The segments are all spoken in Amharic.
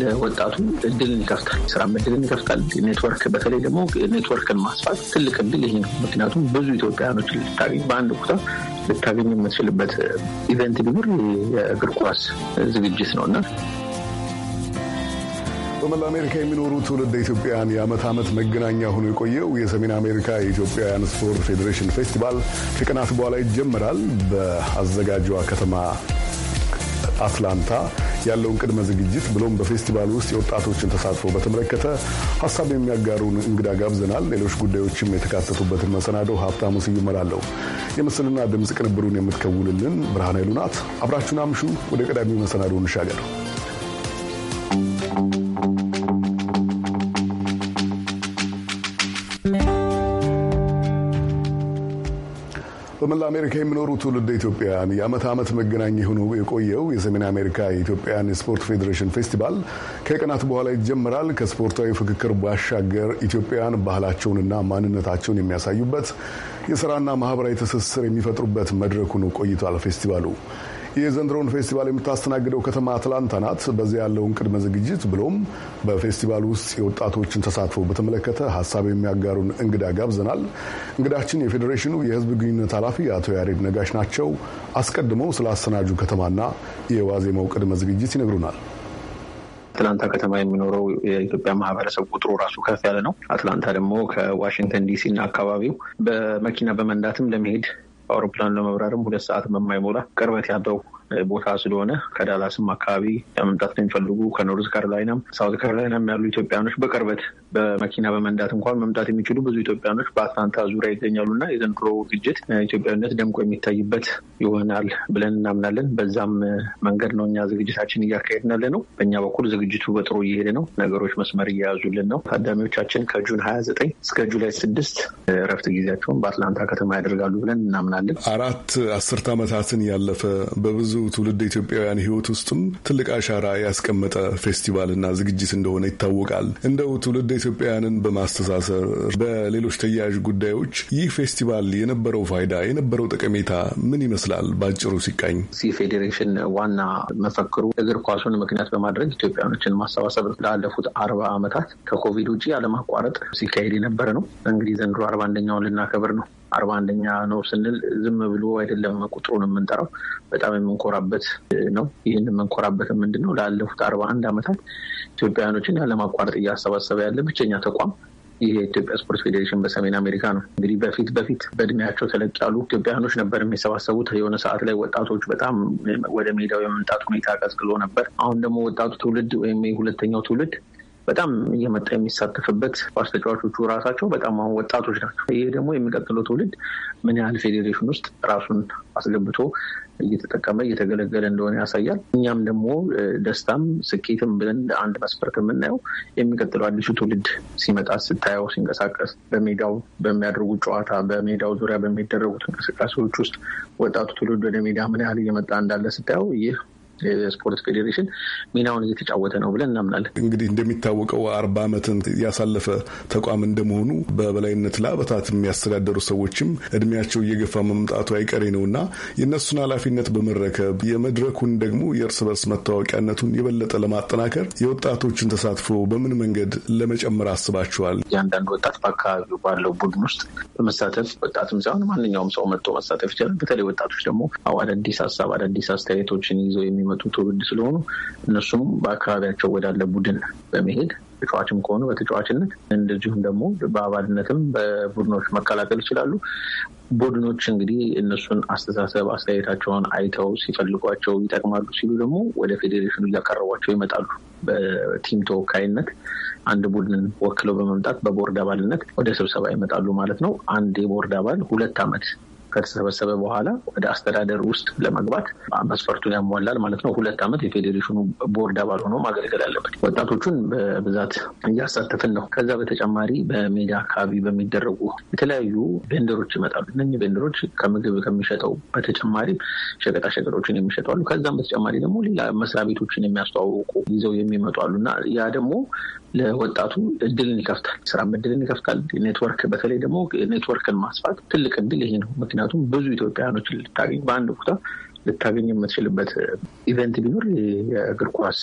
ለወጣቱ እድልን ይከፍታል፣ ስራ እድልን ይከፍታል። ኔትወርክ በተለይ ደግሞ ኔትወርክን ማስፋት ትልቅ እድል ይሄ ነው። ምክንያቱም ብዙ ኢትዮጵያውያኖች ልታገኝ በአንድ ቦታ ልታገኝ የምትችልበት ኢቨንት ቢኖር የእግር ኳስ ዝግጅት ነው እና በመላ አሜሪካ የሚኖሩ ትውልድ ኢትዮጵያውያን የዓመት ዓመት መገናኛ ሆኖ የቆየው የሰሜን አሜሪካ የኢትዮጵያውያን ስፖርት ፌዴሬሽን ፌስቲቫል ከቀናት በኋላ ይጀመራል። በአዘጋጇ ከተማ አትላንታ ያለውን ቅድመ ዝግጅት ብሎም በፌስቲቫል ውስጥ የወጣቶችን ተሳትፎ በተመለከተ ሀሳብ የሚያጋሩን እንግዳ ጋብዘናል። ሌሎች ጉዳዮችም የተካተቱበትን መሰናዶ ሀብታሙ ስይመራለሁ። የምስልና ድምፅ ቅንብሩን የምትከውንልን ብርሃን ይሉናት። አብራችሁን አምሹ። ወደ ቀዳሚው መሰናዶ እንሻገር። በመላ አሜሪካ የሚኖሩ ትውልደ ኢትዮጵያውያን የአመት ዓመት መገናኛ ሆኖ የቆየው የሰሜን አሜሪካ የኢትዮጵያን የስፖርት ፌዴሬሽን ፌስቲቫል ከቀናት በኋላ ይጀምራል። ከስፖርታዊ ፍክክር ባሻገር ኢትዮጵያውያን ባህላቸውንና ማንነታቸውን የሚያሳዩበት የስራና ማህበራዊ ትስስር የሚፈጥሩበት መድረክ ሆኖ ቆይቷል ፌስቲቫሉ። የዘንድሮውን ፌስቲቫል የምታስተናግደው ከተማ አትላንታ ናት። በዚህ ያለውን ቅድመ ዝግጅት ብሎም በፌስቲቫል ውስጥ የወጣቶችን ተሳትፎ በተመለከተ ሀሳብ የሚያጋሩን እንግዳ ጋብዘናል። እንግዳችን የፌዴሬሽኑ የህዝብ ግንኙነት ኃላፊ አቶ ያሬድ ነጋሽ ናቸው። አስቀድመው ስለ አሰናጁ ከተማና የዋዜማው ቅድመ ዝግጅት ይነግሩናል። አትላንታ ከተማ የሚኖረው የኢትዮጵያ ማህበረሰብ ቁጥሩ ራሱ ከፍ ያለ ነው። አትላንታ ደግሞ ከዋሽንግተን ዲሲ እና አካባቢው በመኪና በመንዳትም ለመሄድ በአውሮፕላን ለመብራርም ሁለት ሰዓት የማይሞላ ቅርበት ያለው ቦታ ስለሆነ ከዳላስም አካባቢ መምጣት የሚፈልጉ ከኖርዝ ካሮላይናም ሳውት ካሮላይናም ያሉ ኢትዮጵያኖች በቅርበት በመኪና በመንዳት እንኳን መምጣት የሚችሉ ብዙ ኢትዮጵያኖች በአትላንታ ዙሪያ ይገኛሉ እና የዘንድሮ ዝግጅት ኢትዮጵያዊነት ደምቆ የሚታይበት ይሆናል ብለን እናምናለን። በዛም መንገድ ነው እኛ ዝግጅታችን እያካሄድን ያለ ነው። በእኛ በኩል ዝግጅቱ በጥሩ እየሄደ ነው። ነገሮች መስመር እየያዙልን ነው። ታዳሚዎቻችን ከጁን ዘጠኝ እስከ ጁላይ ስድስት እረፍት ጊዜያቸውን በአትላንታ ከተማ ያደርጋሉ ብለን እናምናለን። አራት አስርት ዓመታትን ያለፈ በብዙ ትውልድ ኢትዮጵያውያን ህይወት ውስጥም ትልቅ አሻራ ያስቀመጠ ፌስቲቫልና ዝግጅት እንደሆነ ይታወቃል። እንደው ትውልድ ኢትዮጵያውያንን በማስተሳሰር በሌሎች ተያያዥ ጉዳዮች ይህ ፌስቲቫል የነበረው ፋይዳ የነበረው ጠቀሜታ ምን ይመስላል? በአጭሩ ሲቃኝ ሲ ፌዴሬሽን ዋና መፈክሩ እግር ኳሱን ምክንያት በማድረግ ኢትዮጵያኖችን ማሰባሰብ ላለፉት አርባ ዓመታት ከኮቪድ ውጭ ያለማቋረጥ ሲካሄድ የነበረ ነው። እንግዲህ ዘንድሮ አርባ አንደኛውን ልናከብር ነው። አርባ አንደኛ ነው ስንል ዝም ብሎ አይደለም ቁጥሩን የምንጠራው፣ በጣም የምንኮራበት ነው። ይህን የምንኮራበት ምንድን ነው? ላለፉት አርባ አንድ ዓመታት ኢትዮጵያውያኖችን ያለማቋረጥ እያሰባሰበ ያለ ብቸኛ ተቋም ይህ የኢትዮጵያ ስፖርት ፌዴሬሽን በሰሜን አሜሪካ ነው። እንግዲህ በፊት በፊት በእድሜያቸው ተለቅ ያሉ ኢትዮጵያውያኖች ነበር የሚሰባሰቡት። የሆነ ሰዓት ላይ ወጣቶች በጣም ወደ ሜዳው የመምጣት ሁኔታ ቀዝቅሎ ነበር። አሁን ደግሞ ወጣቱ ትውልድ ወይም የሁለተኛው ትውልድ በጣም እየመጣ የሚሳተፍበት ኳስ ተጫዋቾቹ ራሳቸው በጣም አሁን ወጣቶች ናቸው። ይህ ደግሞ የሚቀጥለው ትውልድ ምን ያህል ፌዴሬሽን ውስጥ ራሱን አስገብቶ እየተጠቀመ እየተገለገለ እንደሆነ ያሳያል። እኛም ደግሞ ደስታም ስኬትም ብለን አንድ መስፈርት የምናየው የሚቀጥለው አዲሱ ትውልድ ሲመጣ ስታየው ሲንቀሳቀስ በሜዳው በሚያደርጉት ጨዋታ በሜዳው ዙሪያ በሚደረጉት እንቅስቃሴዎች ውስጥ ወጣቱ ትውልድ ወደ ሜዳ ምን ያህል እየመጣ እንዳለ ስታየው ይህ የስፖርት ፌዴሬሽን ሚናውን እየተጫወተ ነው ብለን እናምናለን። እንግዲህ እንደሚታወቀው አርባ ዓመትን ያሳለፈ ተቋም እንደመሆኑ በበላይነት ለአመታት የሚያስተዳደሩ ሰዎችም እድሜያቸው እየገፋ መምጣቱ አይቀሬ ነው እና የእነሱን ኃላፊነት በመረከብ የመድረኩን ደግሞ የእርስ በርስ መታወቂያነቱን የበለጠ ለማጠናከር የወጣቶችን ተሳትፎ በምን መንገድ ለመጨመር አስባችኋል? እያንዳንድ ወጣት በአካባቢው ባለው ቡድን ውስጥ በመሳተፍ ወጣትም ሳይሆን ማንኛውም ሰው መጥቶ መሳተፍ ይችላል። በተለይ ወጣቶች ደግሞ አዳዲስ ሀሳብ አዳዲስ አስተያየቶችን ይዘው የሚ የሚመጡ ትውልድ ስለሆኑ እነሱም በአካባቢያቸው ወዳለ ቡድን በመሄድ ተጫዋችም ከሆኑ በተጫዋችነት እንደዚሁም ደግሞ በአባልነትም በቡድኖች መቀላቀል ይችላሉ። ቡድኖች እንግዲህ እነሱን አስተሳሰብ አስተያየታቸውን አይተው ሲፈልጓቸው ይጠቅማሉ ሲሉ ደግሞ ወደ ፌዴሬሽኑ እያቀረቧቸው ይመጣሉ። በቲም ተወካይነት አንድ ቡድንን ወክለው በመምጣት በቦርድ አባልነት ወደ ስብሰባ ይመጣሉ ማለት ነው። አንድ የቦርድ አባል ሁለት ዓመት ከተሰበሰበ በኋላ ወደ አስተዳደር ውስጥ ለመግባት መስፈርቱን ያሟላል ማለት ነው። ሁለት ዓመት የፌዴሬሽኑ ቦርድ አባል ሆኖ ማገልገል አለበት። ወጣቶቹን በብዛት እያሳተፍን ነው። ከዛ በተጨማሪ በሜዳ አካባቢ በሚደረጉ የተለያዩ ቬንደሮች ይመጣሉ። እነኚህ ቬንደሮች ከምግብ ከሚሸጠው በተጨማሪ ሸቀጣሸቀጦችን የሚሸጡ አሉ። ከዛም በተጨማሪ ደግሞ ሌላ መስሪያ ቤቶችን የሚያስተዋውቁ ይዘው የሚመጡ አሉ እና ያ ደግሞ ለወጣቱ እድልን ይከፍታል፣ ስራም እድልን ይከፍታል። ኔትወርክ በተለይ ደግሞ ኔትወርክን ማስፋት ትልቅ እድል ይሄ ነው ምክንያቱ ምክንያቱም ብዙ ኢትዮጵያውያኖችን ልታገኝ በአንድ ቦታ ልታገኝ የምትችልበት ኢቨንት ቢኖር የእግር ኳስ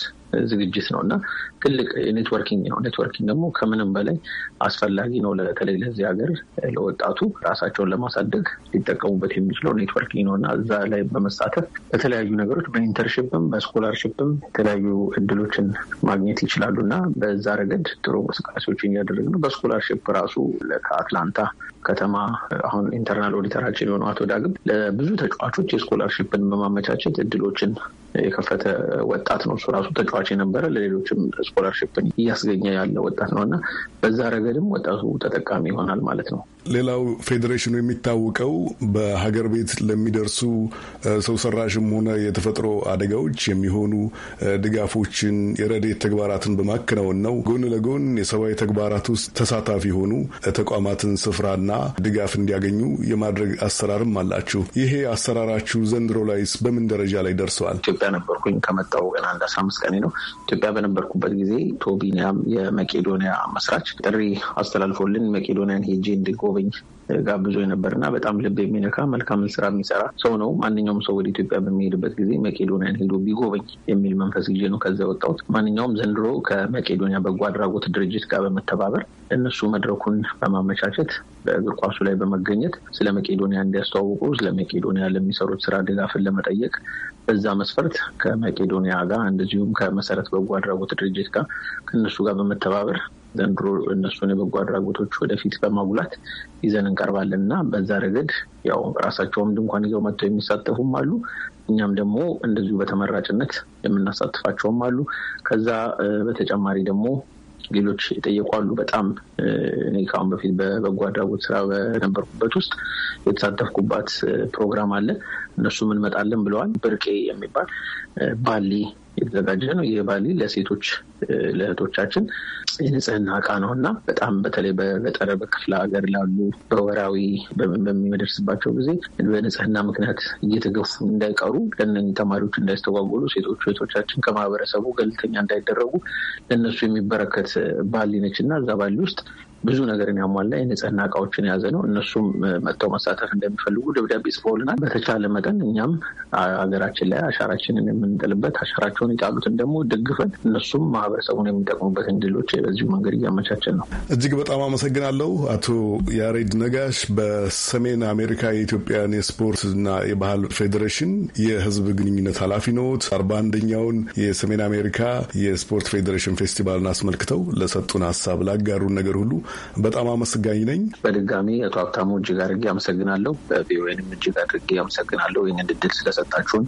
ዝግጅት ነው እና ትልቅ ኔትወርኪንግ ነው። ኔትወርኪንግ ደግሞ ከምንም በላይ አስፈላጊ ነው። በተለይ ለዚህ ሀገር ለወጣቱ ራሳቸውን ለማሳደግ ሊጠቀሙበት የሚችለው ኔትወርኪንግ ነው እና እዛ ላይ በመሳተፍ በተለያዩ ነገሮች በኢንተርሽፕም በስኮላርሽፕም የተለያዩ እድሎችን ማግኘት ይችላሉ እና በዛ ረገድ ጥሩ እንቅስቃሴዎችን እያደረግ ነው። በስኮላርሽፕ ራሱ ከአትላንታ ከተማ አሁን ኢንተርናል ኦዲተራችን የሆነው አቶ ዳግም ለብዙ ተጫዋቾች የስኮላርሽፕን በማመቻቸት እድሎችን የከፈተ ወጣት ነው። እሱ ራሱ ተጫዋች የነበረ ለሌሎችም ስኮላርሽፕን እያስገኘ ያለ ወጣት ነው እና በዛ ረገድም ወጣቱ ተጠቃሚ ይሆናል ማለት ነው። ሌላው ፌዴሬሽኑ የሚታወቀው በሀገር ቤት ለሚደርሱ ሰው ሰራሽም ሆነ የተፈጥሮ አደጋዎች የሚሆኑ ድጋፎችን፣ የረዴት ተግባራትን በማከናወን ነው። ጎን ለጎን የሰብአዊ ተግባራት ውስጥ ተሳታፊ የሆኑ ተቋማትን ስፍራና ድጋፍ እንዲያገኙ የማድረግ አሰራርም አላችሁ። ይሄ አሰራራችሁ ዘንድሮ ላይስ በምን ደረጃ ላይ ደርሰዋል? ኢትዮጵያ ነበርኩኝ ከመጣሁ ገና አንድ አስራ አምስት ቀኔ ነው። ኢትዮጵያ በነበርኩበት ጊዜ ቶቢኒያም የመቄዶኒያ መስራች ጥሪ አስተላልፎልን መቄዶኒያን ሄጄ እንድጎ ሲጎበኝ ጋብዞ የነበር እና በጣም ልብ የሚነካ መልካምን ስራ የሚሰራ ሰው ነው። ማንኛውም ሰው ወደ ኢትዮጵያ በሚሄድበት ጊዜ መቄዶኒያን ሄዶ ቢጎበኝ የሚል መንፈስ ጊዜ ነው ከዛ የወጣሁት። ማንኛውም ዘንድሮ ከመቄዶኒያ በጎ አድራጎት ድርጅት ጋር በመተባበር እነሱ መድረኩን በማመቻቸት በእግር ኳሱ ላይ በመገኘት ስለ መቄዶኒያ እንዲያስተዋውቁ፣ ስለ መቄዶኒያ ለሚሰሩት ስራ ድጋፍን ለመጠየቅ በዛ መስፈርት ከመቄዶኒያ ጋር እንደዚሁም ከመሰረት በጎ አድራጎት ድርጅት ጋር ከእነሱ ጋር በመተባበር ዘንድሮ እነሱን የበጎ አድራጎቶች ወደፊት በማጉላት ይዘን እንቀርባለን እና በዛ ረገድ ያው ራሳቸውም ድንኳን ይዘው መጥተው የሚሳተፉም አሉ። እኛም ደግሞ እንደዚሁ በተመራጭነት የምናሳትፋቸውም አሉ። ከዛ በተጨማሪ ደግሞ ሌሎች የጠየቋሉ አሉ። በጣም እኔ ከአሁን በፊት በበጎ አድራጎት ስራ በነበርኩበት ውስጥ የተሳተፍኩባት ፕሮግራም አለ። እነሱም እንመጣለን ብለዋል። ብርቄ የሚባል ባሌ የተዘጋጀ ነው። ይህ ባሊ ለሴቶች ለእህቶቻችን የንጽህና እቃ ነው እና በጣም በተለይ በገጠረ በክፍለ ሀገር ላሉ በወራዊ በሚደርስባቸው ጊዜ በንጽህና ምክንያት እየተገፉ እንዳይቀሩ ለነ ተማሪዎች እንዳይስተጓጎሉ ሴቶቹ እህቶቻችን ከማህበረሰቡ ገለልተኛ እንዳይደረጉ ለእነሱ የሚበረከት ባሊ ነች እና እዛ ባሊ ውስጥ ብዙ ነገርን ያሟላ የንጽህና እቃዎችን የያዘ ነው። እነሱም መጥተው መሳተፍ እንደሚፈልጉ ደብዳቤ ጽፈውልናል። በተቻለ መጠን እኛም ሀገራችን ላይ አሻራችንን የምንጥልበት አሻራቸውን የጣሉትን ደግሞ ደግፈን እነሱም ማህበረሰቡን የሚጠቅሙበትን ድሎች በዚሁ መንገድ እያመቻቸን ነው። እጅግ በጣም አመሰግናለሁ። አቶ ያሬድ ነጋሽ በሰሜን አሜሪካ የኢትዮጵያን የስፖርትና የባህል ፌዴሬሽን የህዝብ ግንኙነት ኃላፊ ኖት። አርባ አንደኛውን የሰሜን አሜሪካ የስፖርት ፌዴሬሽን ፌስቲቫልን አስመልክተው ለሰጡን ሀሳብ ላጋሩን ነገር ሁሉ በጣም አመስጋኝ ነኝ። በድጋሚ አቶ ሀብታሙ እጅግ አድርጌ አመሰግናለሁ። በቪኦኤንም እጅግ አድርጌ አመሰግናለሁ ይህንን እድል ስለሰጣችሁን።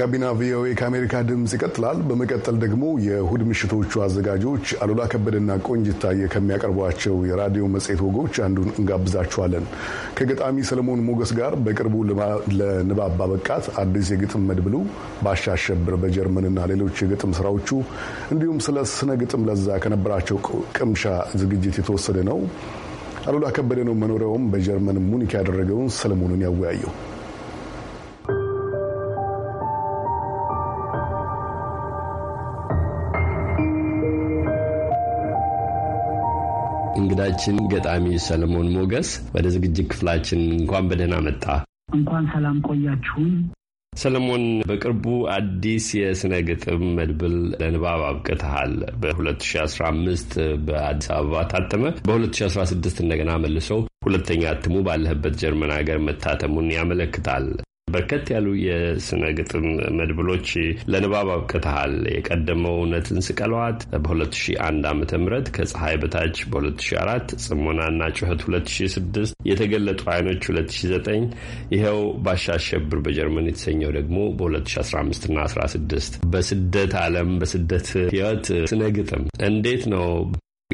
ጋቢና ቪኦኤ ከአሜሪካ ድምፅ ይቀጥላል። በመቀጠል ደግሞ የእሁድ ምሽቶቹ አዘጋጆች አሉላ ከበደና ቆንጅታየ ከሚያቀርቧቸው የራዲዮ መጽሔት ወጎች አንዱን እንጋብዛችኋለን። ከገጣሚ ሰለሞን ሞገስ ጋር በቅርቡ ለንባብ ባበቃት አዲስ የግጥም መድብሉ ባሻሸብር በጀርመንና ሌሎች የግጥም ስራዎቹ እንዲሁም ስለ ስነ ግጥም ለዛ ከነበራቸው ቅምሻ ዝግጅት የተወሰደ ነው። አሉላ ከበደ ነው መኖሪያውም በጀርመን ሙኒክ ያደረገውን ሰለሞኑን ያወያየው። እንግዳችን ገጣሚ ሰለሞን ሞገስ ወደ ዝግጅት ክፍላችን እንኳን በደህና መጣ። እንኳን ሰላም ቆያችሁን። ሰለሞን በቅርቡ አዲስ የስነ ግጥም መድብል ለንባብ አብቅተሃል። በ2015 በአዲስ አበባ ታተመ። በ2016 እንደገና መልሰው ሁለተኛ እትሙ ባለህበት ጀርመን ሀገር መታተሙን ያመለክታል። በርከት ያሉ የስነ ግጥም መድብሎች ለንባብ አብቅተሃል። የቀደመው እውነትን ስቀለዋት በ2001 ዓ ም ከፀሐይ በታች በ2004 ጽሞናና ጩኸት 2006 የተገለጡ አይኖች 2009 ይኸው ባሻሸብር በጀርመን የተሰኘው ደግሞ በ2015ና 16 በስደት ዓለም በስደት ህይወት ስነ ግጥም እንዴት ነው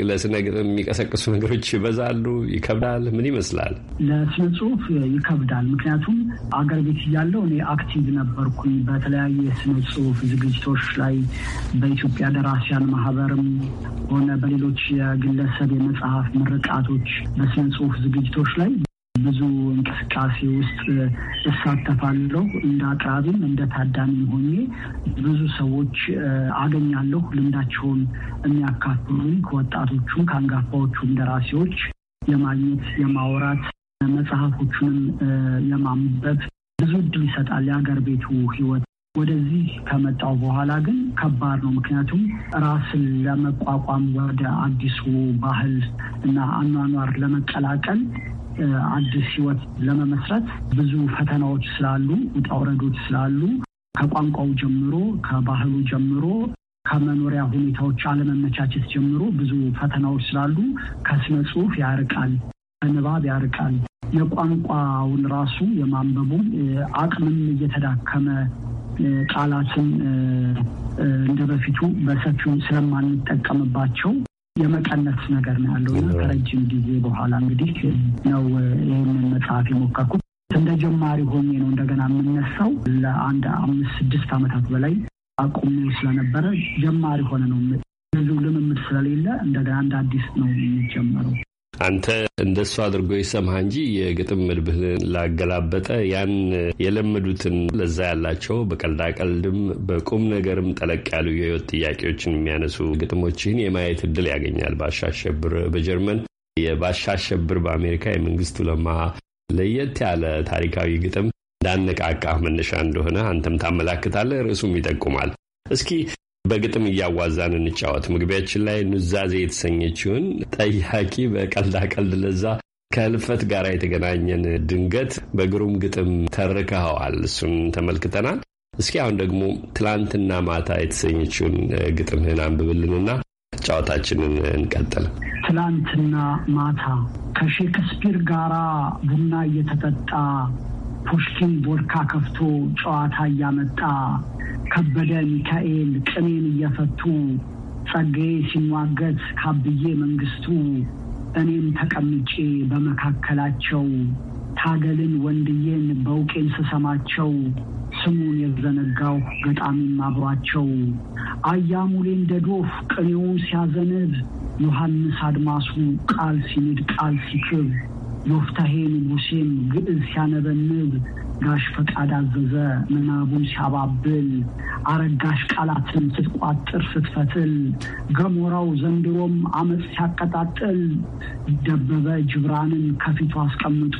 ለስነ ግጥም የሚቀሰቅሱ ነገሮች ይበዛሉ? ይከብዳል? ምን ይመስላል? ለስነ ጽሁፍ ይከብዳል። ምክንያቱም አገር ቤት እያለው እኔ አክቲቭ ነበርኩኝ በተለያዩ የስነ ጽሁፍ ዝግጅቶች ላይ በኢትዮጵያ ደራሲያን ማህበርም ሆነ በሌሎች የግለሰብ የመጽሐፍ ምርቃቶች፣ በስነ ጽሁፍ ዝግጅቶች ላይ ብዙ እንቅስቃሴ ውስጥ እሳተፋለሁ። እንደ አቅራቢም እንደ ታዳሚ ሆኜ ብዙ ሰዎች አገኛለሁ። ልምዳቸውን የሚያካፍሉኝ ከወጣቶቹም ከአንጋፋዎቹ ደራሲዎች የማግኘት የማውራት መጽሐፎቹንም የማንበብ ብዙ እድል ይሰጣል የሀገር ቤቱ ህይወት። ወደዚህ ከመጣው በኋላ ግን ከባድ ነው። ምክንያቱም ራስን ለመቋቋም ወደ አዲሱ ባህል እና አኗኗር ለመቀላቀል አዲስ ህይወት ለመመስረት ብዙ ፈተናዎች ስላሉ፣ ውጣ ውረዶች ስላሉ ከቋንቋው ጀምሮ ከባህሉ ጀምሮ ከመኖሪያ ሁኔታዎች አለመመቻቸት ጀምሮ ብዙ ፈተናዎች ስላሉ ከስነ ጽሁፍ ያርቃል፣ ከንባብ ያርቃል። የቋንቋውን ራሱ የማንበቡም አቅምም እየተዳከመ ቃላትን እንደ በፊቱ በሰፊው ስለማንጠቀምባቸው የመቀነስ ነገር ነው ያለው እና ከረጅም ጊዜ በኋላ እንግዲህ ነው ይህንን መጽሐፍ የሞከርኩት። እንደ ጀማሪ ሆኜ ነው እንደገና የምነሳው። ለአንድ አምስት ስድስት ዓመታት በላይ አቁሜ ስለነበረ ጀማሪ ሆነ ነው ብዙ ልምምድ ስለሌለ እንደገና አንድ አዲስ ነው የሚጀመረው። አንተ እንደሱ አድርጎ ይሰማ እንጂ የግጥም መድብህን ላገላበጠ ያን የለመዱትን ለዛ ያላቸው በቀልዳቀልድም በቁም ነገርም ጠለቅ ያሉ የህይወት ጥያቄዎችን የሚያነሱ ግጥሞችህን የማየት እድል ያገኛል። ባሻሸብር በጀርመን የባሻሸብር በአሜሪካ የመንግስቱ ለማ ለየት ያለ ታሪካዊ ግጥም እንዳነቃቃህ መነሻ እንደሆነ አንተም ታመላክታለህ፣ ርዕሱም ይጠቁማል። እስኪ በግጥም እያዋዛን እንጫወት። መግቢያችን ላይ ኑዛዜ የተሰኘችውን ጠያቂ በቀልዳቀልድ ለዛ ከህልፈት ጋር የተገናኘን ድንገት በግሩም ግጥም ተርከኸዋል። እሱን ተመልክተናል። እስኪ አሁን ደግሞ ትላንትና ማታ የተሰኘችውን ግጥምህን አንብብልንና ጨዋታችንን እንቀጥል። ትላንትና ማታ ከሼክስፒር ጋራ ቡና እየተጠጣ ፑሽኪን ቦድካ ከፍቶ ጨዋታ እያመጣ ከበደ ሚካኤል ቅኔን እየፈቱ ጸጋዬ ሲሟገት ካብዬ መንግስቱ እኔም ተቀምጬ በመካከላቸው ታገልን ወንድዬን በውቄን ስሰማቸው ስሙን የዘነጋው ገጣሚም አብሯቸው አያሙሌን ዶፍ ቅኔውን ሲያዘንብ ዮሐንስ አድማሱ ቃል ሲንድ ቃል ሲክብ ዮፍታሄ ንጉሴም ግዕዝ ሲያነበንብ ጋሽ ፈቃድ አዘዘ ምናቡን ሲያባብል አረጋሽ ቃላትን ስትቋጥር ስትፈትል ገሞራው ዘንድሮም አመፅ ሲያቀጣጥል ደበበ ጅብራንን ከፊቱ አስቀምጦ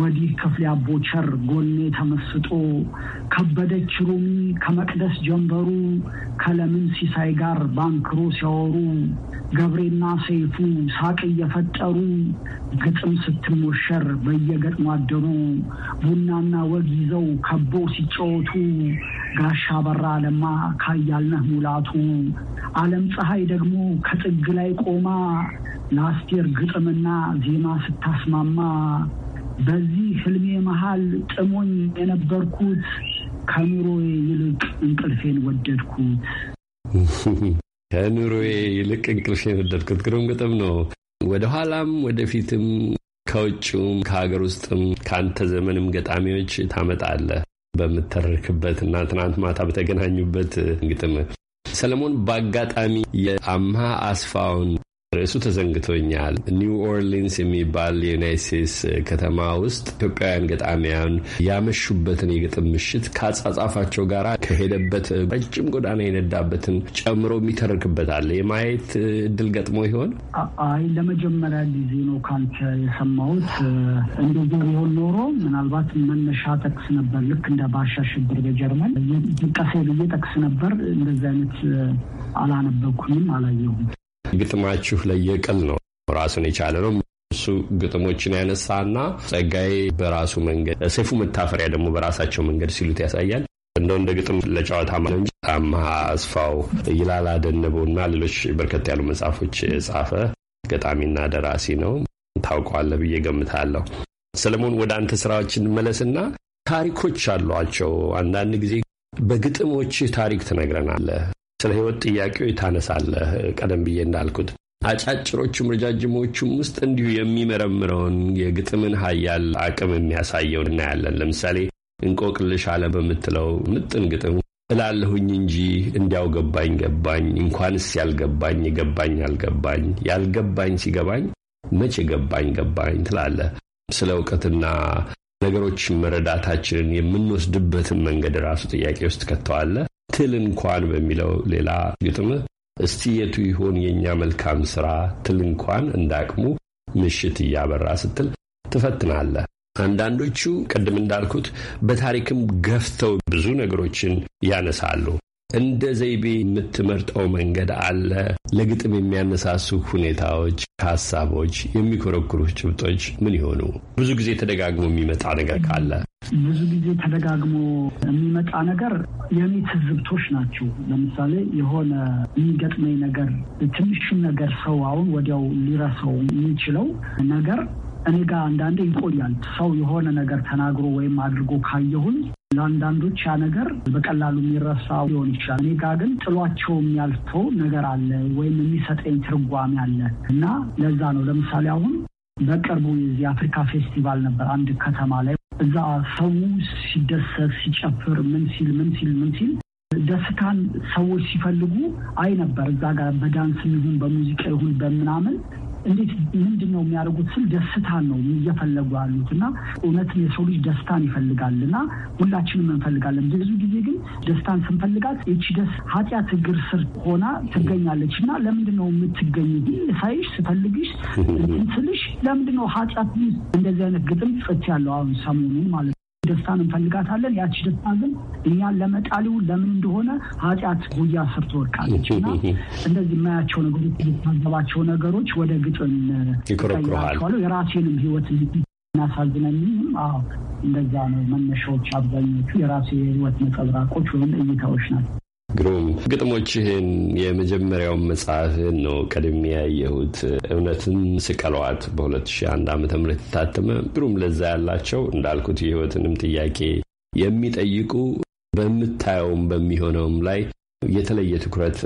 ወዲህ ክፍሌ አቦቸር ጎኔ ተመስጦ ከበደች ሩሚ ከመቅደስ ጀንበሩ ከለምን ሲሳይ ጋር ባንክሮ ሲያወሩ ገብሬና ሰይፉ ሳቅ እየፈጠሩ ግጥም ስትሞሸር በየገጥሞ አደሩ ቡናና ወግ ይዘው ከቦ ሲጫወቱ ጋሻ በራ ለማ ካያልነህ ሙላቱ አለም ፀሐይ ደግሞ ከጥግ ላይ ቆማ ለአስቴር ግጥምና ዜማ ስታስማማ በዚህ ህልሜ መሃል ጥሞኝ የነበርኩት ከኑሮዬ ይልቅ እንቅልፌን ወደድኩት። ከኑሮዬ ይልቅ እንቅልፌን ወደድኩት። ግሩም ግጥም ነው። ወደኋላም ወደፊትም ከውጭውም ከሀገር ውስጥም ከአንተ ዘመንም ገጣሚዎች ታመጣለህ በምተርክበት እና ትናንት ማታ በተገናኙበት ግጥም ሰለሞን በአጋጣሚ የአምሃ አስፋውን ርዕሱ ተዘንግቶኛል። ኒው ኦርሊንስ የሚባል የዩናይት ስቴትስ ከተማ ውስጥ ኢትዮጵያውያን ገጣሚያን ያመሹበትን የግጥም ምሽት ከአጻጻፋቸው ጋር ከሄደበት ረጅም ጎዳና የነዳበትን ጨምሮ የሚተርክበታል የማየት እድል ገጥሞ ይሆን? አይ ለመጀመሪያ ጊዜ ነው ካንተ የሰማሁት። እንደዛ ቢሆን ኖሮ ምናልባት መነሻ ጠቅስ ነበር። ልክ እንደ ባሻ ሽብር በጀርመን ጠቀሴ ብዬ ጠቅስ ነበር። እንደዚህ አይነት አላነበኩኝም አላየሁም። ግጥማችሁ ለየቅል ነው ራሱን የቻለ ነው። እሱ ግጥሞችን ያነሳና ጸጋዬ በራሱ መንገድ፣ ሰይፉ መታፈሪያ ደግሞ በራሳቸው መንገድ ሲሉት ያሳያል። እንደው እንደ ግጥም ለጨዋታ ማ እንጂ አምሃ አስፋው ይላል እና ሌሎች በርከት ያሉ መጽሐፎች ጻፈ። ገጣሚና ደራሲ ነው። ታውቀዋለህ ብዬ ገምታለሁ። ሰለሞን ወደ አንተ ስራዎች እንመለስና ታሪኮች አሏቸው። አንዳንድ ጊዜ በግጥሞች ታሪክ ትነግረናለህ። ስለ ህይወት ጥያቄዎች ታነሳለህ። ቀደም ብዬ እንዳልኩት አጫጭሮቹም ረጃጅሞቹም ውስጥ እንዲሁ የሚመረምረውን የግጥምን ሀያል አቅም የሚያሳየው እናያለን። ለምሳሌ እንቆቅልሽ አለ በምትለው ምጥን ግጥም እላለሁኝ እንጂ እንዲያው ገባኝ ገባኝ እንኳንስ ያልገባኝ የገባኝ አልገባኝ ያልገባኝ ሲገባኝ መቼ ገባኝ ገባኝ ትላለህ። ስለ እውቀትና ነገሮች መረዳታችንን የምንወስድበትን መንገድ ራሱ ጥያቄ ውስጥ ከተዋለህ። ትል እንኳን በሚለው ሌላ ግጥም እስቲ የቱ ይሆን የእኛ መልካም ሥራ ትል እንኳን እንዳቅሙ ምሽት እያበራ ስትል ትፈትናለህ። አንዳንዶቹ ቅድም እንዳልኩት በታሪክም ገፍተው ብዙ ነገሮችን ያነሳሉ። እንደ ዘይቤ የምትመርጠው መንገድ አለ። ለግጥም የሚያነሳሱ ሁኔታዎች፣ ሀሳቦች፣ የሚኮረኩሩ ጭብጦች ምን ይሆኑ? ብዙ ጊዜ ተደጋግሞ የሚመጣ ነገር ካለ ብዙ ጊዜ ተደጋግሞ የሚመጣ ነገር የኔ ናቸው። ለምሳሌ የሆነ የሚገጥመኝ ነገር ትንሹን ነገር ሰው አሁን ወዲያው ሊረሳው የሚችለው ነገር እኔ ጋር አንዳንዴ ይቆያል። ሰው የሆነ ነገር ተናግሮ ወይም አድርጎ ካየሁን ለአንዳንዶች ያ ነገር በቀላሉ የሚረሳ ሊሆን ይችላል። እኔ ጋ ግን ጥሏቸው የሚያልፈው ነገር አለ ወይም የሚሰጠኝ ትርጓሜ አለ እና ለዛ ነው ለምሳሌ አሁን በቅርቡ የዚህ አፍሪካ ፌስቲቫል ነበር አንድ ከተማ ላይ እዛ ሰው ሲደሰት ሲጨፍር ምን ሲል ምን ሲል ምን ሲል ደስታን ሰዎች ሲፈልጉ አይ ነበር። እዛ ጋር በዳንስ ይሁን በሙዚቃ ይሁን በምናምን እንዴት ምንድን ነው የሚያደርጉት ስል ደስታን ነው እየፈለጉ ያሉት እና እውነትን የሰው ልጅ ደስታን ይፈልጋል እና ሁላችንም እንፈልጋለን። ብዙ ጊዜ ግን ደስታን ስንፈልጋት ይቺ ደስ ኃጢአት እግር ስር ሆና ትገኛለች እና ለምንድን ነው የምትገኝ ሳይሽ ስፈልግሽ ስልሽ ለምንድን ነው ኃጢአት እንደዚህ አይነት ግጥም ጽት ያለው አሁን ሰሞኑን ማለት ነው ደስታን እንፈልጋታለን። ያቺ ደስታ ግን እኛን ለመጣሊው ለምን እንደሆነ ኃጢአት ጉያ ስር ትወድቃለች እና እንደዚህ የማያቸው ነገሮች የታዘባቸው ነገሮች ወደ ግጥም ይቀይራቸዋለሁ። የራሴንም ህይወት እናሳዝነኝም። አዎ እንደዛ ነው። መነሻዎች አብዛኞቹ የራሴ የህይወት ነጸብራቆች ወይም እይታዎች ናቸው። ግሩም ግጥሞችህን የመጀመሪያውን መጽሐፍህን ነው ቀድሜ ያየሁት። እውነትን ስቀለዋት በ2001 ዓ ም የታተመ ግሩም ለዛ ያላቸው እንዳልኩት የህይወትንም ጥያቄ የሚጠይቁ በምታየውም በሚሆነውም ላይ የተለየ ትኩረት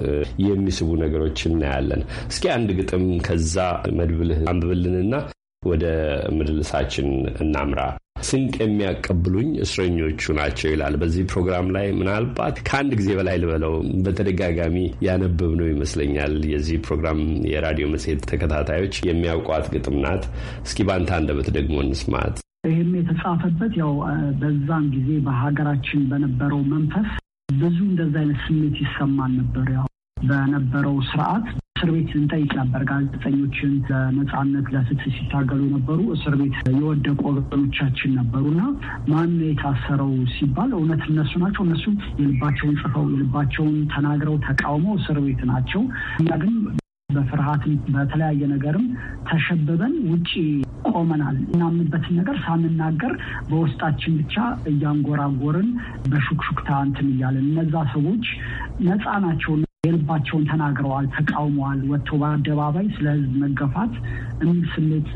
የሚስቡ ነገሮች እናያለን። እስኪ አንድ ግጥም ከዛ መድብልህ አንብብልንና ወደ ምድልሳችን እናምራ። ስንቅ የሚያቀብሉኝ እስረኞቹ ናቸው ይላል። በዚህ ፕሮግራም ላይ ምናልባት ከአንድ ጊዜ በላይ ልበለው በተደጋጋሚ ያነበብ ነው ይመስለኛል። የዚህ ፕሮግራም የራዲዮ መጽሔት ተከታታዮች የሚያውቋት ግጥም ናት። እስኪ ባንታ አንደበት ደግሞ እንስማት። ይህም የተጻፈበት ያው በዛን ጊዜ በሀገራችን በነበረው መንፈስ ብዙ እንደዚ አይነት ስሜት ይሰማል ነበር። ያው በነበረው ስርዓት እስር ቤት እንጠይቅ ነበር። ጋዜጠኞችን ለነጻነት ለፍትህ ሲታገሉ ነበሩ። እስር ቤት የወደቁ ወገኖቻችን እና ማን የታሰረው ሲባል እውነት እነሱ ናቸው። እነሱ የልባቸውን ጽፈው የልባቸውን ተናግረው ተቃውመው እስር ቤት ናቸው። እኛ ግን በፍርሃትም በተለያየ ነገርም ተሸብበን ውጪ ቆመናል። እናምንበትን ነገር ሳንናገር በውስጣችን ብቻ እያንጎራጎርን በሹክሹክታ እንትን እያለን እነዛ ሰዎች ነፃ ናቸው የልባቸውን ተናግረዋል፣ ተቃውመዋል። ወጥቶ በአደባባይ ስለ ህዝብ መገፋት የሚል ስሜት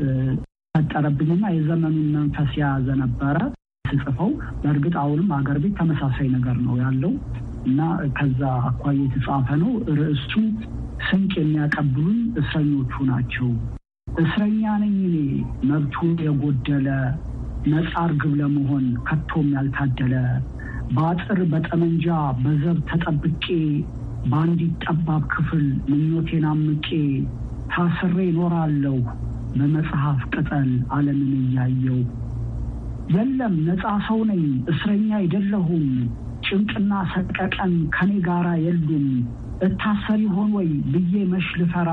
ፈጠረብኝና የዘመኑን መንፈስ የያዘ ነበረ ስጽፈው። በእርግጥ አሁንም አገር ቤት ተመሳሳይ ነገር ነው ያለው እና ከዛ አኳያ የተጻፈ ነው። ርዕሱ ስንቅ የሚያቀብሉኝ እስረኞቹ ናቸው። እስረኛ ነኝ እኔ መብቱ የጎደለ መጻር እርግብ ለመሆን ከቶም ያልታደለ በአጥር በጠመንጃ በዘብ ተጠብቄ በአንዲት ጠባብ ክፍል ምኞቴን አምቄ ታስሬ ይኖራለሁ በመጽሐፍ ቅጠል ዓለምን እያየው። የለም ነፃ ሰው ነኝ፣ እስረኛ አይደለሁም። ጭንቅና ሰቀቀን ከኔ ጋራ የሉም። እታሰር ይሆን ወይ ብዬ መሽ ልፈራ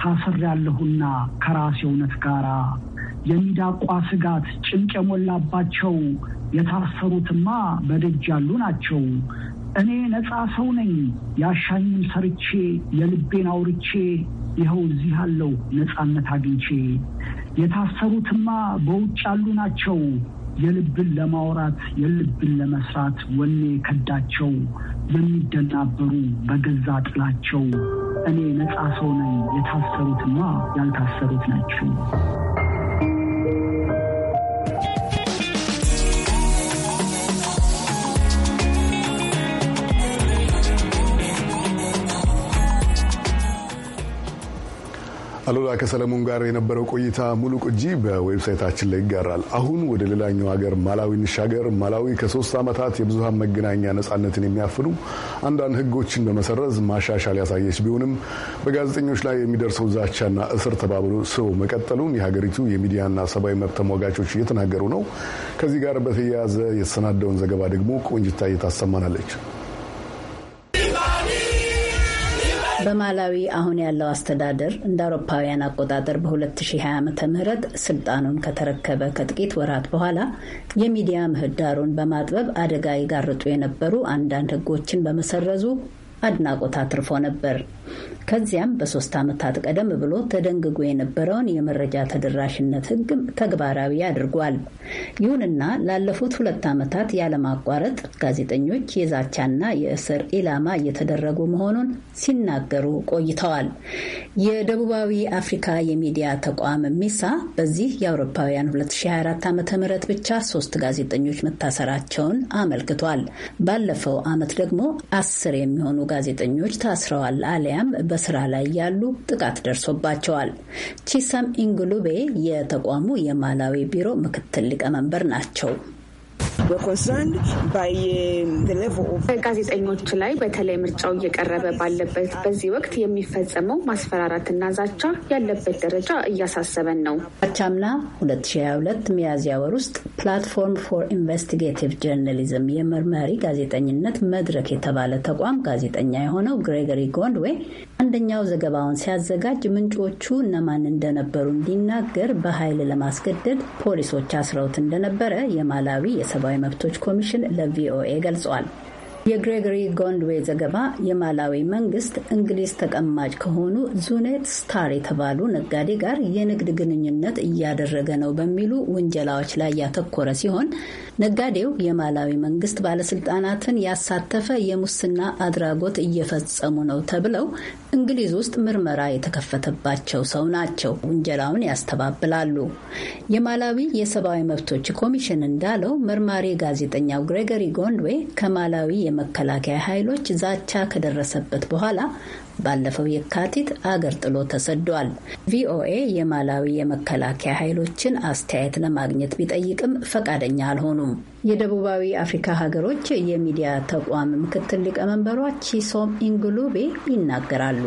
ታስር ያለሁና ከራሴ እውነት ጋራ የሚዳቋ ስጋት ጭንቅ የሞላባቸው የታሰሩትማ በደጅ ያሉ ናቸው። እኔ ነፃ ሰው ነኝ፣ ያሻኝም ሰርቼ የልቤን አውርቼ ይኸው እዚህ አለው ነፃነት አግኝቼ። የታሰሩትማ በውጭ ያሉ ናቸው፣ የልብን ለማውራት የልብን ለመስራት ወኔ ከዳቸው፣ የሚደናበሩ በገዛ ጥላቸው። እኔ ነፃ ሰው ነኝ፣ የታሰሩትማ ያልታሰሩት ናቸው። አሉላ ከሰለሞን ጋር የነበረው ቆይታ ሙሉ ቅጂ በዌብሳይታችን ላይ ይጋራል። አሁን ወደ ሌላኛው ሀገር ማላዊ እንሻገር። ማላዊ ከሶስት ዓመታት የብዙሀን መገናኛ ነጻነትን የሚያፍኑ አንዳንድ ህጎችን በመሰረዝ ማሻሻል ያሳየች ቢሆንም በጋዜጠኞች ላይ የሚደርሰው ዛቻና እስር ተባብሎ ስቦ መቀጠሉን የሀገሪቱ የሚዲያና ሰብአዊ መብት ተሟጋቾች እየተናገሩ ነው። ከዚህ ጋር በተያያዘ የተሰናዳውን ዘገባ ደግሞ ቆንጅታ እየታሰማናለች። በማላዊ አሁን ያለው አስተዳደር እንደ አውሮፓውያን አቆጣጠር በ2020 ዓ ም ስልጣኑን ከተረከበ ከጥቂት ወራት በኋላ የሚዲያ ምህዳሩን በማጥበብ አደጋ ይጋርጡ የነበሩ አንዳንድ ህጎችን በመሰረዙ አድናቆት አትርፎ ነበር። ከዚያም በሶስት ዓመታት ቀደም ብሎ ተደንግጎ የነበረውን የመረጃ ተደራሽነት ሕግም ተግባራዊ አድርጓል። ይሁንና ላለፉት ሁለት ዓመታት ያለማቋረጥ ጋዜጠኞች የዛቻና የእስር ኢላማ እየተደረጉ መሆኑን ሲናገሩ ቆይተዋል። የደቡባዊ አፍሪካ የሚዲያ ተቋም ሚሳ በዚህ የአውሮፓውያን 2024 ዓ ም ብቻ ሶስት ጋዜጠኞች መታሰራቸውን አመልክቷል። ባለፈው ዓመት ደግሞ አስር የሚሆኑ ጋዜጠኞች ታስረዋል አሊያም በ በስራ ላይ ያሉ ጥቃት ደርሶባቸዋል። ቺሳም ኢንግሉቤ የተቋሙ የማላዊ ቢሮ ምክትል ሊቀመንበር ናቸው። Um, ጋዜጠኞች ላይ በተለይ ምርጫው እየቀረበ ባለበት በዚህ ወቅት የሚፈጸመው ማስፈራራትና ዛቻ ያለበት ደረጃ እያሳሰበን ነው። አቻምና 2022 ሚያዝያ ወር ውስጥ ፕላትፎርም ፎር ኢንቨስቲጌቲቭ ጀርናሊዝም የመርመሪ ጋዜጠኝነት መድረክ የተባለ ተቋም ጋዜጠኛ የሆነው ግሬጎሪ ጎንድዌ አንደኛው ዘገባውን ሲያዘጋጅ ምንጮቹ እነማን እንደነበሩ እንዲናገር በኃይል ለማስገደድ ፖሊሶች አስረውት እንደነበረ የማላዊ የሰ የሰብአዊ መብቶች ኮሚሽን ለቪኦኤ ገልጿል። የግሬጎሪ ጎንድዌ ዘገባ የማላዊ መንግስት እንግሊዝ ተቀማጭ ከሆኑ ዙኔት ስታር የተባሉ ነጋዴ ጋር የንግድ ግንኙነት እያደረገ ነው በሚሉ ውንጀላዎች ላይ ያተኮረ ሲሆን ነጋዴው የማላዊ መንግስት ባለስልጣናትን ያሳተፈ የሙስና አድራጎት እየፈጸሙ ነው ተብለው እንግሊዝ ውስጥ ምርመራ የተከፈተባቸው ሰው ናቸው። ውንጀላውን ያስተባብላሉ። የማላዊ የሰብአዊ መብቶች ኮሚሽን እንዳለው መርማሪ ጋዜጠኛው ግሬጎሪ ጎንድዌ ከማላዊ መከላከያ ኃይሎች ዛቻ ከደረሰበት በኋላ ባለፈው የካቲት አገር ጥሎ ተሰዷል። ቪኦኤ የማላዊ የመከላከያ ኃይሎችን አስተያየት ለማግኘት ቢጠይቅም ፈቃደኛ አልሆኑም። የደቡባዊ አፍሪካ ሀገሮች የሚዲያ ተቋም ምክትል ሊቀመንበሯ ቺሶም ኢንግሉቤ ይናገራሉ።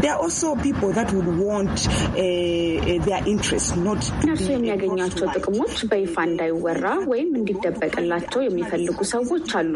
there are also people that would want uh, uh, their interests not እነሱ የሚያገኟቸው ጥቅሞች በይፋ እንዳይወራ ወይም እንዲደበቅላቸው የሚፈልጉ ሰዎች አሉ።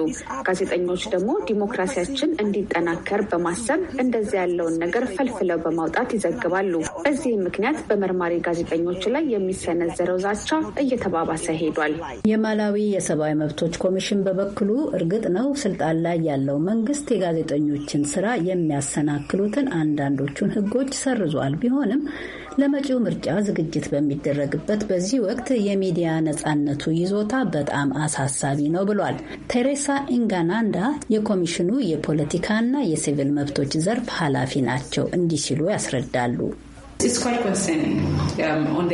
ጋዜጠኞች ደግሞ ዲሞክራሲያችን እንዲጠናከር በማሰብ እንደዚያ ያለውን ነገር ፈልፍለው በማውጣት ይዘግባሉ። በዚህም ምክንያት በመርማሪ ጋዜጠኞች ላይ የሚሰነዘረው ዛቻ እየተባባሰ ሄዷል። የማላዊ የሰብአዊ መብቶች ኮሚሽን በበኩሉ እርግጥ ነው ስልጣን ላይ ያለው መንግስት የጋዜጠኞችን ስራ የሚያሰናክሉትን አንዳንድ አንዳንዶቹን ህጎች ሰርዟል። ቢሆንም ለመጪው ምርጫ ዝግጅት በሚደረግበት በዚህ ወቅት የሚዲያ ነጻነቱ ይዞታ በጣም አሳሳቢ ነው ብሏል። ቴሬሳ ኢንጋናንዳ የኮሚሽኑ የፖለቲካና የሲቪል መብቶች ዘርፍ ኃላፊ ናቸው። እንዲህ ሲሉ ያስረዳሉ። Um,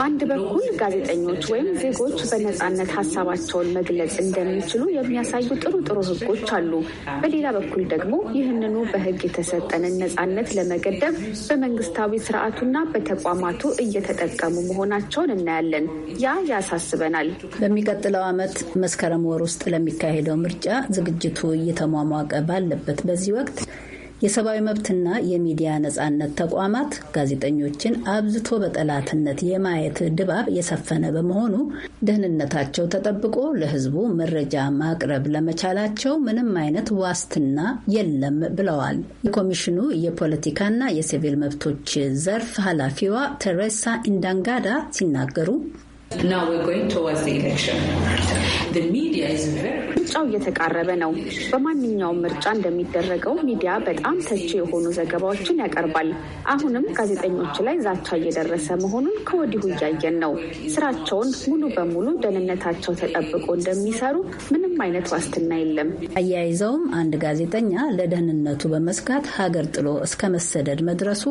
በአንድ በኩል ጋዜጠኞች ወይም ዜጎች በነጻነት ሀሳባቸውን መግለጽ እንደሚችሉ የሚያሳዩ ጥሩ ጥሩ ህጎች አሉ። በሌላ በኩል ደግሞ ይህንኑ በህግ የተሰጠንን ነጻነት ለመገደብ በመንግስታዊ ስርዓቱና በተቋማቱ እየተጠቀሙ መሆናቸውን እናያለን። ያ ያሳስበናል። በሚቀጥለው አመት መስከረም ወር ውስጥ ለሚካሄደው ምርጫ ዝግጅቱ እየተሟሟቀ ባለበት በዚህ ወቅት የሰብአዊ መብትና የሚዲያ ነጻነት ተቋማት ጋዜጠኞችን አብዝቶ በጠላትነት የማየት ድባብ የሰፈነ በመሆኑ ደህንነታቸው ተጠብቆ ለሕዝቡ መረጃ ማቅረብ ለመቻላቸው ምንም አይነት ዋስትና የለም ብለዋል። የኮሚሽኑ የፖለቲካና የሲቪል መብቶች ዘርፍ ኃላፊዋ ተሬሳ ኢንዳንጋዳ ሲናገሩ ምርጫው እየተቃረበ ነው። በማንኛውም ምርጫ እንደሚደረገው ሚዲያ በጣም ተቺ የሆኑ ዘገባዎችን ያቀርባል። አሁንም ጋዜጠኞች ላይ ዛቻ እየደረሰ መሆኑን ከወዲሁ እያየን ነው። ስራቸውን ሙሉ በሙሉ ደህንነታቸው ተጠብቆ እንደሚሰሩ ምንም አይነት ዋስትና የለም። አያይዘውም አንድ ጋዜጠኛ ለደህንነቱ በመስጋት ሀገር ጥሎ እስከ መሰደድ መድረሱ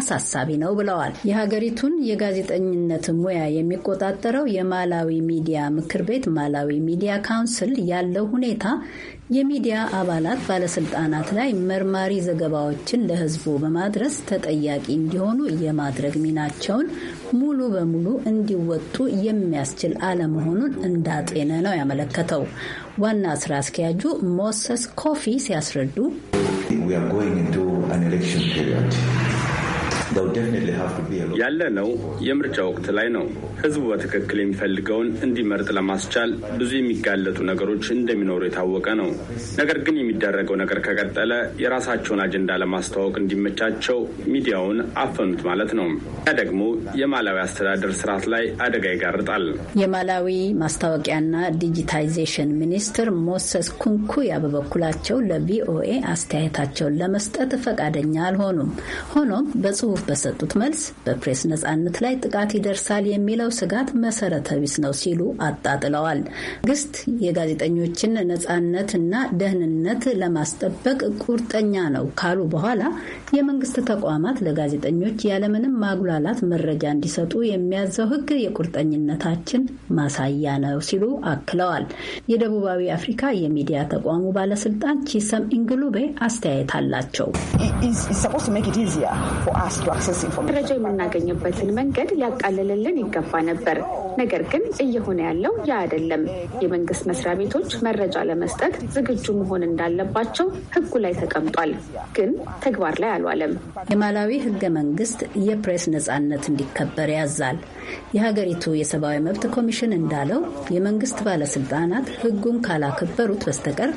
አሳሳቢ ነው ብለዋል። የሀገሪቱን የጋዜጠኝነት ሙያ የሚቆጣ። የተቆጣጠረው የማላዊ ሚዲያ ምክር ቤት ማላዊ ሚዲያ ካውንስል ያለው ሁኔታ የሚዲያ አባላት ባለስልጣናት ላይ መርማሪ ዘገባዎችን ለሕዝቡ በማድረስ ተጠያቂ እንዲሆኑ የማድረግ ሚናቸውን ሙሉ በሙሉ እንዲወጡ የሚያስችል አለመሆኑን እንዳጤነ ነው ያመለከተው። ዋና ስራ አስኪያጁ ሞሰስ ኮፊ ሲያስረዱ ያለነው የምርጫ ወቅት ላይ ነው። ህዝቡ በትክክል የሚፈልገውን እንዲመርጥ ለማስቻል ብዙ የሚጋለጡ ነገሮች እንደሚኖሩ የታወቀ ነው። ነገር ግን የሚደረገው ነገር ከቀጠለ የራሳቸውን አጀንዳ ለማስተዋወቅ እንዲመቻቸው ሚዲያውን አፈኑት ማለት ነው። ያ ደግሞ የማላዊ አስተዳደር ስርዓት ላይ አደጋ ይጋርጣል። የማላዊ ማስታወቂያና ዲጂታይዜሽን ሚኒስትር ሞሰስ ኩንኩያ በበኩላቸው ለቪኦኤ አስተያየታቸውን ለመስጠት ፈቃደኛ አልሆኑም። ሆኖም በጽሁፍ ችሎት በሰጡት መልስ በፕሬስ ነጻነት ላይ ጥቃት ይደርሳል የሚለው ስጋት መሰረተ ቢስ ነው ሲሉ አጣጥለዋል። መንግስት የጋዜጠኞችን እና ደህንነት ለማስጠበቅ ቁርጠኛ ነው ካሉ በኋላ የመንግስት ተቋማት ለጋዜጠኞች ያለምንም ማጉላላት መረጃ እንዲሰጡ የሚያዘው ህግ የቁርጠኝነታችን ማሳያ ነው ሲሉ አክለዋል። የደቡባዊ አፍሪካ የሚዲያ ተቋሙ ባለስልጣን ቺሰም ኢንግሉቤ አስተያየት አላቸው። መረጃ የምናገኝበትን መንገድ ሊያቃልልልን ይገባ ነበር። ነገር ግን እየሆነ ያለው ያ አይደለም። የመንግስት መስሪያ ቤቶች መረጃ ለመስጠት ዝግጁ መሆን እንዳለባቸው ህጉ ላይ ተቀምጧል፣ ግን ተግባር ላይ አልዋለም። የማላዊ ህገ መንግስት የፕሬስ ነጻነት እንዲከበር ያዛል። የሀገሪቱ የሰብአዊ መብት ኮሚሽን እንዳለው የመንግስት ባለስልጣናት ህጉን ካላከበሩት በስተቀር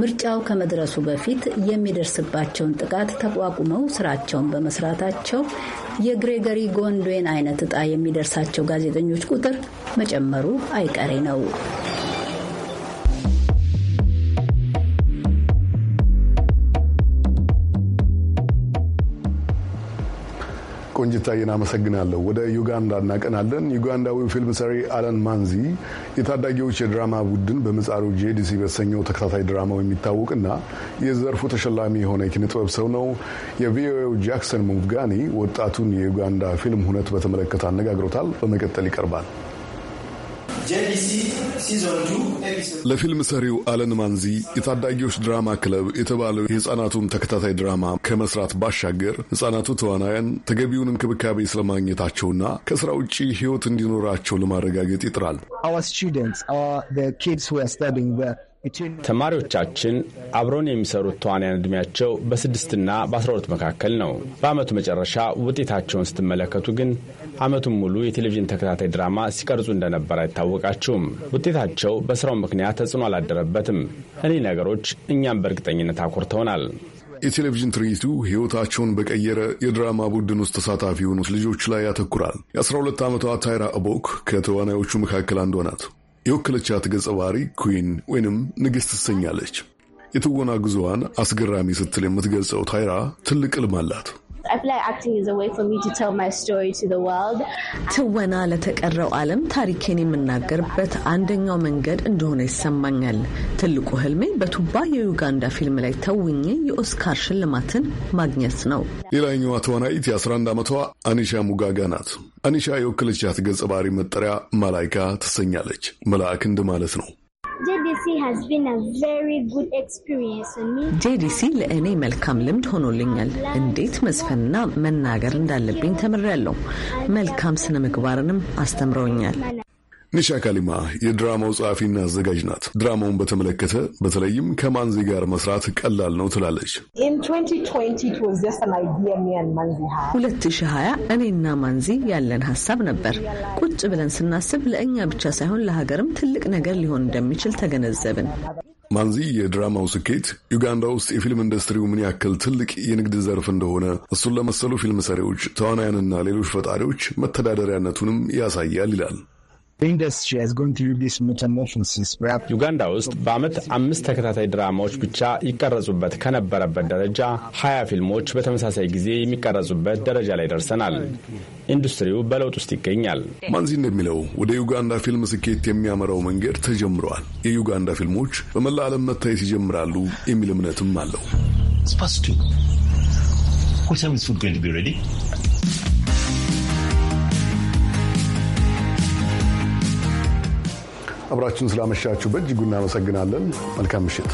ምርጫው ከመድረሱ በፊት የሚደርስባቸውን ጥቃት ተቋቁመው ስራቸውን በመስራታቸው የግሬገሪ ጎንዶዌን አይነት እጣ የሚደርሳቸው ጋዜጠኞች ቁጥር መጨመሩ አይቀሬ ነው። ቆንጅታዬን አመሰግናለሁ። ወደ ዩጋንዳ እናቀናለን። ዩጋንዳዊው ፊልም ሰሪ አለን ማንዚ የታዳጊዎች የድራማ ቡድን በምጻሩ ጄዲሲ በተሰኘው ተከታታይ ድራማው የሚታወቅና የዘርፉ ተሸላሚ የሆነ የኪነጥበብ ሰው ነው። የቪኦኤው ጃክሰን ሙፍጋኒ ወጣቱን የዩጋንዳ ፊልም ሁነት በተመለከተ አነጋግሮታል። በመቀጠል ይቀርባል። ለፊልም ሰሪው አለን ማንዚ የታዳጊዎች ድራማ ክለብ የተባለው የህፃናቱን ተከታታይ ድራማ ከመስራት ባሻገር ህፃናቱ ተዋናያን ተገቢውን እንክብካቤ ስለማግኘታቸውና ከስራ ውጭ ህይወት እንዲኖራቸው ለማረጋገጥ ይጥራል። ተማሪዎቻችን አብረውን የሚሰሩት ተዋንያን ዕድሜያቸው በስድስትና በአስራ ሁለት መካከል ነው። በዓመቱ መጨረሻ ውጤታቸውን ስትመለከቱ ግን ዓመቱን ሙሉ የቴሌቪዥን ተከታታይ ድራማ ሲቀርጹ እንደነበር አይታወቃችሁም። ውጤታቸው በስራው ምክንያት ተጽዕኖ አላደረበትም። እኒህ ነገሮች እኛም በእርግጠኝነት አኮርተውናል። የቴሌቪዥን ትርኢቱ ሕይወታቸውን በቀየረ የድራማ ቡድን ውስጥ ተሳታፊ የሆኑት ልጆች ላይ ያተኩራል። የ12 ዓመቷ ታይራ አቦክ ከተዋናዮቹ መካከል አንዷ ናት። የወከለቻት ገጸ ባህሪ ኩዊን ወይንም ንግሥት ትሰኛለች። የትወና ጉዞዋን አስገራሚ ስትል የምትገልጸው ታይራ ትልቅ ዕልም አላት። ትወና ለተቀረው ዓለም ታሪኬን የምናገርበት አንደኛው መንገድ እንደሆነ ይሰማኛል። ትልቁ ህልሜ በቱባ የዩጋንዳ ፊልም ላይ ተውኜ የኦስካር ሽልማትን ማግኘት ነው። ሌላኛዋ ተዋናይት የ11 ዓመቷ አኒሻ ሙጋጋ ናት። አኒሻ የወክለቻት ገጸ ባህሪ መጠሪያ መላይካ ትሰኛለች። መልአክ እንደማለት ነው። ጄዲሲ ለእኔ መልካም ልምድ ሆኖልኛል። እንዴት መዝፈንና መናገር እንዳለብኝ ተምሬያለሁ። መልካም ስነ ምግባርንም አስተምረውኛል። ኒሻ ካሊማ የድራማው ጸሐፊና አዘጋጅ ናት። ድራማውን በተመለከተ በተለይም ከማንዚ ጋር መስራት ቀላል ነው ትላለች። ሁለት ሺህ ሀያ እኔና ማንዚ ያለን ሀሳብ ነበር። ቁጭ ብለን ስናስብ ለእኛ ብቻ ሳይሆን ለሀገርም ትልቅ ነገር ሊሆን እንደሚችል ተገነዘብን። ማንዚ የድራማው ስኬት ዩጋንዳ ውስጥ የፊልም ኢንዱስትሪው ምን ያክል ትልቅ የንግድ ዘርፍ እንደሆነ እሱን ለመሰሉ ፊልም ሰሪዎች፣ ተዋናያንና ሌሎች ፈጣሪዎች መተዳደሪያነቱንም ያሳያል ይላል። ዩጋንዳ ውስጥ በዓመት አምስት ተከታታይ ድራማዎች ብቻ ይቀረጹበት ከነበረበት ደረጃ ሀያ ፊልሞች በተመሳሳይ ጊዜ የሚቀረጹበት ደረጃ ላይ ደርሰናል። ኢንዱስትሪው በለውጥ ውስጥ ይገኛል። ማንዚ እንደሚለው ወደ ዩጋንዳ ፊልም ስኬት የሚያመራው መንገድ ተጀምረዋል። የዩጋንዳ ፊልሞች በመላ ዓለም መታየት ይጀምራሉ የሚል እምነትም አለው። አብራችሁን ስላመሻችሁ በእጅጉ እናመሰግናለን። መልካም ምሽት።